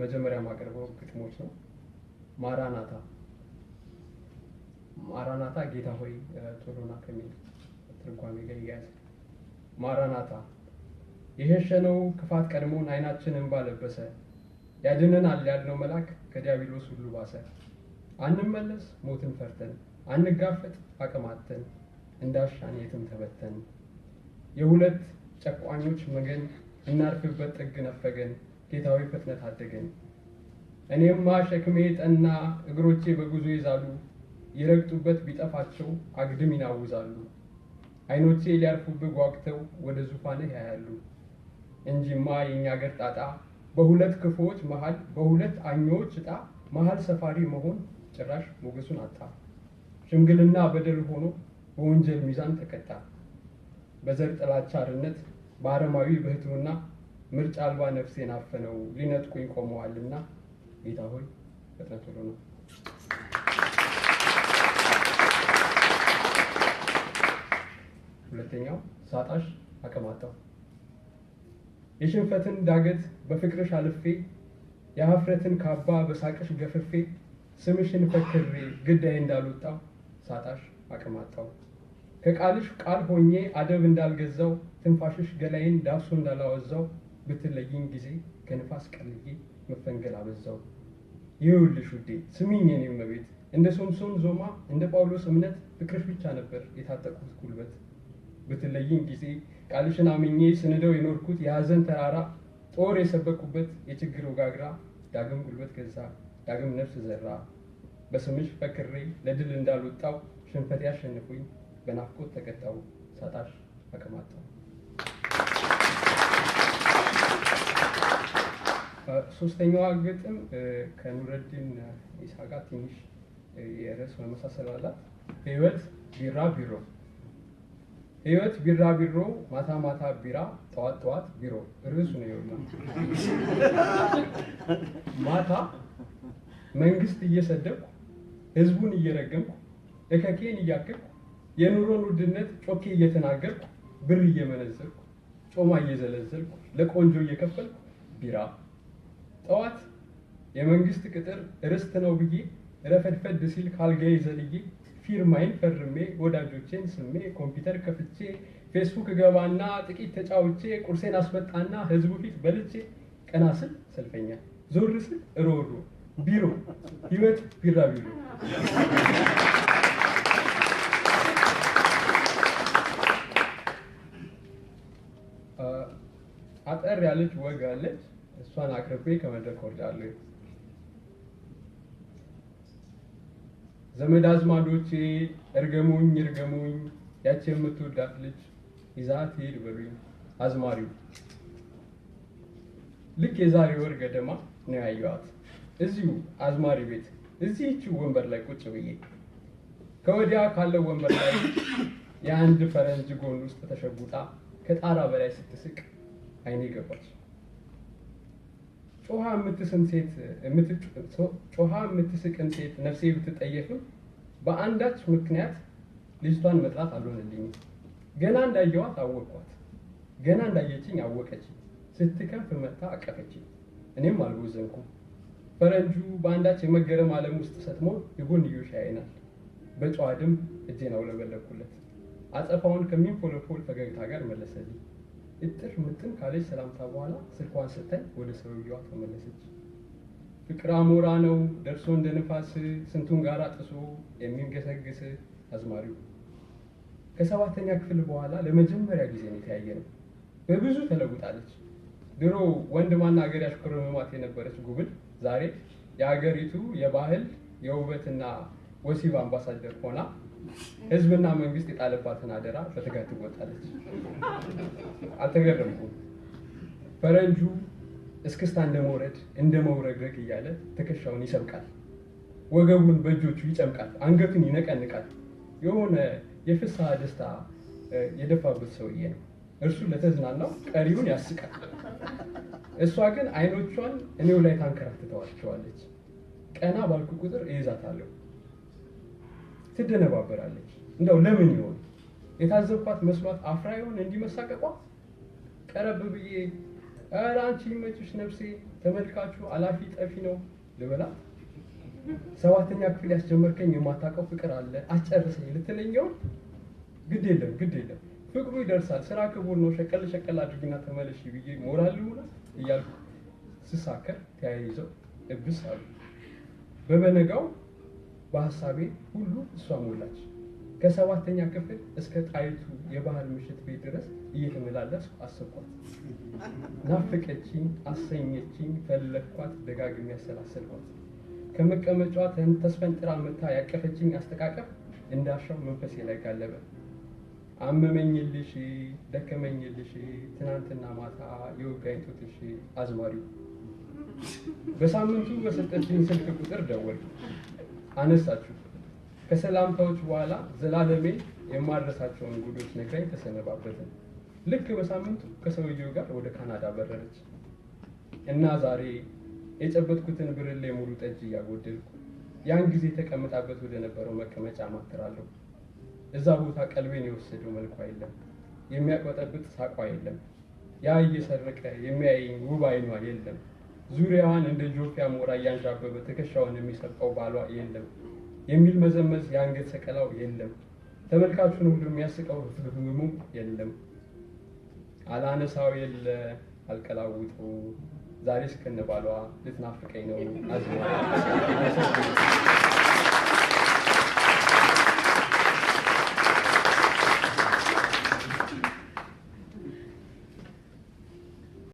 መጀመሪያ ማቀርበው ግጥሞች ነው። ማራናታ ማራናታ ጌታ ሆይ ቶሎና ከሚል ትርጓሜ ጋር ይያያዛል። ማራናታ የሸሸነው ክፋት ቀድሞን አይናችንን ባለበሰ ያድነናል ያልነው መልአክ ከዲያብሎስ ሁሉ ባሰ። አንመለስ ሞትን ፈርተን አንጋፈጥ አቅማተን እንዳሻን የትም ተበተን የሁለት ጨቋኞች መገን እናርፍበት ጥግ ነፈገን ጌታዊ ፍጥነት አደገኝ። እኔማ ሸክሜ ጠና፣ እግሮቼ በጉዞ ይዛሉ። የረግጡበት ቢጠፋቸው አግድም ይናውዛሉ። ዓይኖቼ ሊያርፉብህ ጓግተው ወደ ዙፋንህ ያያሉ። እንጂማ የእኛ አገር ጣጣ በሁለት ክፉዎች መሃል በሁለት አኞዎች ዕጣ መሃል ሰፋሪ መሆን ጭራሽ ሞገሱን አጣ። ሽምግልና በደል ሆኖ በወንጀል ሚዛን ተቀጣ። በዘር ጥላቻርነት በአረማዊ ብህትውና ምርጫ አልባ ነፍሴን አፈነው ሊነጥቁኝ ቆመዋልና ጌታ ሆይ ፍጥነት ሁሉ ነው። ሁለተኛው ሳጣሽ አቀማጣው የሽንፈትን ዳገት በፍቅርሽ አልፌ የሀፍረትን ካባ በሳቅሽ ገፍፌ ስምሽን ፈክሬ ግዳይ እንዳልወጣ ሳጣሽ አቀማጣው ከቃልሽ ቃል ሆኜ አደብ እንዳልገዛው ትንፋሽሽ ገላይን ዳብሶ እንዳላወዛው ብትለይኝ ጊዜ ከንፋስ ቀልዬ መፈንገል አበዛው። ይኸውልሽ ውዴ ስሚኝ የኔ እመቤት፣ እንደ ሶምሶን ዞማ እንደ ጳውሎስ እምነት ፍቅርሽ ብቻ ነበር የታጠቁት ጉልበት። ብትለይኝ ጊዜ ቃልሽን አምኜ ስንደው የኖርኩት የሀዘን ተራራ ጦር የሰበኩበት የችግር ወጋግራ ዳግም ጉልበት ገዛ ዳግም ነፍስ ዘራ። በስምሽ ፈክሬ ለድል እንዳልወጣው ሽንፈት ያሸንፉኝ በናፍቆት ተቀጣው ሳጣሽ አቀማጣው ሶስተኛዋ ግጥም ከኑረዲን ኢሳ ጋር ትንሽ የርዕስ መመሳሰል አላት። ህይወት ቢራቢሮ ህይወት ቢራ ቢሮ ማታ ማታ ቢራ ጠዋት ጠዋት ቢሮ ርዕሱ ነው። ይኸውና ማታ መንግስት እየሰደብኩ ህዝቡን እየረገምኩ እከኬን እያከኩ የኑሮን ውድነት ጮኬ እየተናገርኩ ብር እየመነዘርኩ ጮማ እየዘለዘልኩ ለቆንጆ እየከፈልኩ ቢራ ጠዋት የመንግስት ቅጥር ርስት ነው ብዬ ረፈድፈድ ሲል ካልጋዬ ይዘልዬ ፊርማይን ፈርሜ ወዳጆቼን ስሜ ኮምፒውተር ከፍቼ ፌስቡክ ገባና ጥቂት ተጫውቼ ቁርሴን አስመጣና ህዝቡ ፊት በልቼ ቀና ስል ሰልፈኛ፣ ዞር ስል ሮሮ ቢሮ ህይወት ቢራ ቢሮ አጠር ያለች ወግ አለች። እሷን አቅርቤ ከመድረክ ወርዳለሁ። ዘመድ አዝማዶቼ እርገሙኝ እርገሙኝ፣ ያቺ የምትወዳት ልጅ ይዛት ሂድ በሉኝ አዝማሪው። ልክ የዛሬ ወር ገደማ ነው ያየዋት። እዚሁ አዝማሪ ቤት እዚህች ወንበር ላይ ቁጭ ብዬ ከወዲያ ካለው ወንበር ላይ የአንድ ፈረንጅ ጎን ውስጥ ተሸጉጣ ከጣራ በላይ ስትስቅ አይኔ ገባች። ጮሃ የምትስም ሴት ጮሃ የምትስቅን ሴት ነፍሴ ብትጠየፍም በአንዳች ምክንያት ልጅቷን መጥራት አልሆነልኝም። ገና እንዳየዋት አወቅኳት። ገና እንዳየችኝ አወቀችኝ። ስትከንፍ መጥታ አቀፈችኝ። እኔም አልቦዘንኩም። ፈረንጁ በአንዳች የመገረም ዓለም ውስጥ ሰጥሞ የጎንዮሽ ያይናል። በጨዋ ድምፅ እጄን አውለበለኩለት። አጸፋውን ከሚንፎለፎል ፈገግታ ጋር መለሰልኝ። እጥር ምጥን ካለች ሰላምታ በኋላ ስልኳን ስታይ ወደ ሰውየዋ ተመለሰች። ፍቅር አሞራ ነው ደርሶ እንደ ንፋስ ስንቱን ጋራ ጥሶ የሚንገሰግስ አዝማሪው። ከሰባተኛ ክፍል በኋላ ለመጀመሪያ ጊዜ ነው የተያየ ነው። በብዙ ተለውጣለች። ድሮ ወንድ ማና ያሽኮረመማት የነበረች ጉብል ዛሬ የሀገሪቱ የባህል የውበትና ወሲብ አምባሳደር ሆና ህዝብና መንግስት የጣለባትን አደራ በትጋት ትወጣለች። አልተገረምኩም። ፈረንጁ እስክስታ እንደ መውረድ እንደ መውረግረግ እያለ ትከሻውን ይሰብቃል፣ ወገቡን በእጆቹ ይጨምቃል፣ አንገቱን ይነቀንቃል። የሆነ የፍስሐ ደስታ የደፋበት ሰውዬ ነው። እርሱ ለተዝናናው ቀሪውን ያስቃል። እሷ ግን አይኖቿን እኔው ላይ ታንከራትተዋቸዋለች። ቀና ባልኩ ቁጥር እይዛታለሁ፣ ትደነባበራለች። እንደው ለምን ይሆን የታዘብኳት መስማት አፍራ ይሆን እንዲመሳቀቋ ቀረብ ብዬ ኧረ አንቺ ይመችሽ ነፍሴ፣ ተመልካቹ አላፊ ጠፊ ነው ልበላ። ሰባተኛ ክፍል ያስጀመርከኝ የማታውቀው ፍቅር አለ አስጨርሰኝ ልትለኘው፣ ግድ የለም ግድ የለም ፍቅሩ ይደርሳል፣ ስራ ክቡር ነው፣ ሸቀል ሸቀል አድርጊና ተመለሽ ብዬ ሞራል ልሙላ እያልኩ ስሳከር ተያይዘው እብስ አሉ። በበነጋው በሀሳቤ ሁሉ እሷ ሞላች። ከሰባተኛ ክፍል እስከ ጣይቱ የባህል ምሽት ቤት ድረስ እየተመላለስኩ አሰብኳት። ናፍቀችኝ፣ አሰኘችኝ፣ ፈለግኳት፣ ደጋግሜ ያሰላሰልኳት። ከመቀመጫዋ ተስፈንጥራ መታ ያቀፈችኝ አስተቃቀፍ እንዳሻው መንፈሴ ላይ ጋለበ። አመመኝልሽ፣ ደከመኝልሽ፣ ትናንትና ማታ የወጋኝ ጡትሽ አዝማሪው። በሳምንቱ በሰጠችኝ ስልክ ቁጥር ደወልኩ፣ አነሳችሁ ከሰላምታዎች በኋላ ዘላለሜ የማድረሳቸውን ጉዶች ነግራኝ ተሰነባበትን። ልክ በሳምንቱ ከሰውየው ጋር ወደ ካናዳ በረረች እና ዛሬ የጨበጥኩትን ብርሌ ሙሉ ጠጅ እያጎደልኩ ያን ጊዜ ተቀምጣበት ወደ ነበረው መቀመጫ ማትራለሁ። እዛ ቦታ ቀልቤን የወሰደው መልኳ የለም፣ የሚያቆጠብጥ ሳቋ የለም፣ ያ እየሰረቀ የሚያይኝ ውብ አይኗ የለም፣ ዙሪያዋን እንደ ጆፊያ ሞራ እያንዣበበ ትከሻውን የሚሰጠው ባሏ የለም። የሚል መዘመዝ የአንገት ሰቀላው የለም። ተመልካቹን ሁሉ የሚያስቀው ህዝብሙ የለም። አላነሳው የለ አልቀላውጡ ዛሬ እስከነባሏ ልትናፍቀኝ ነው አዝማ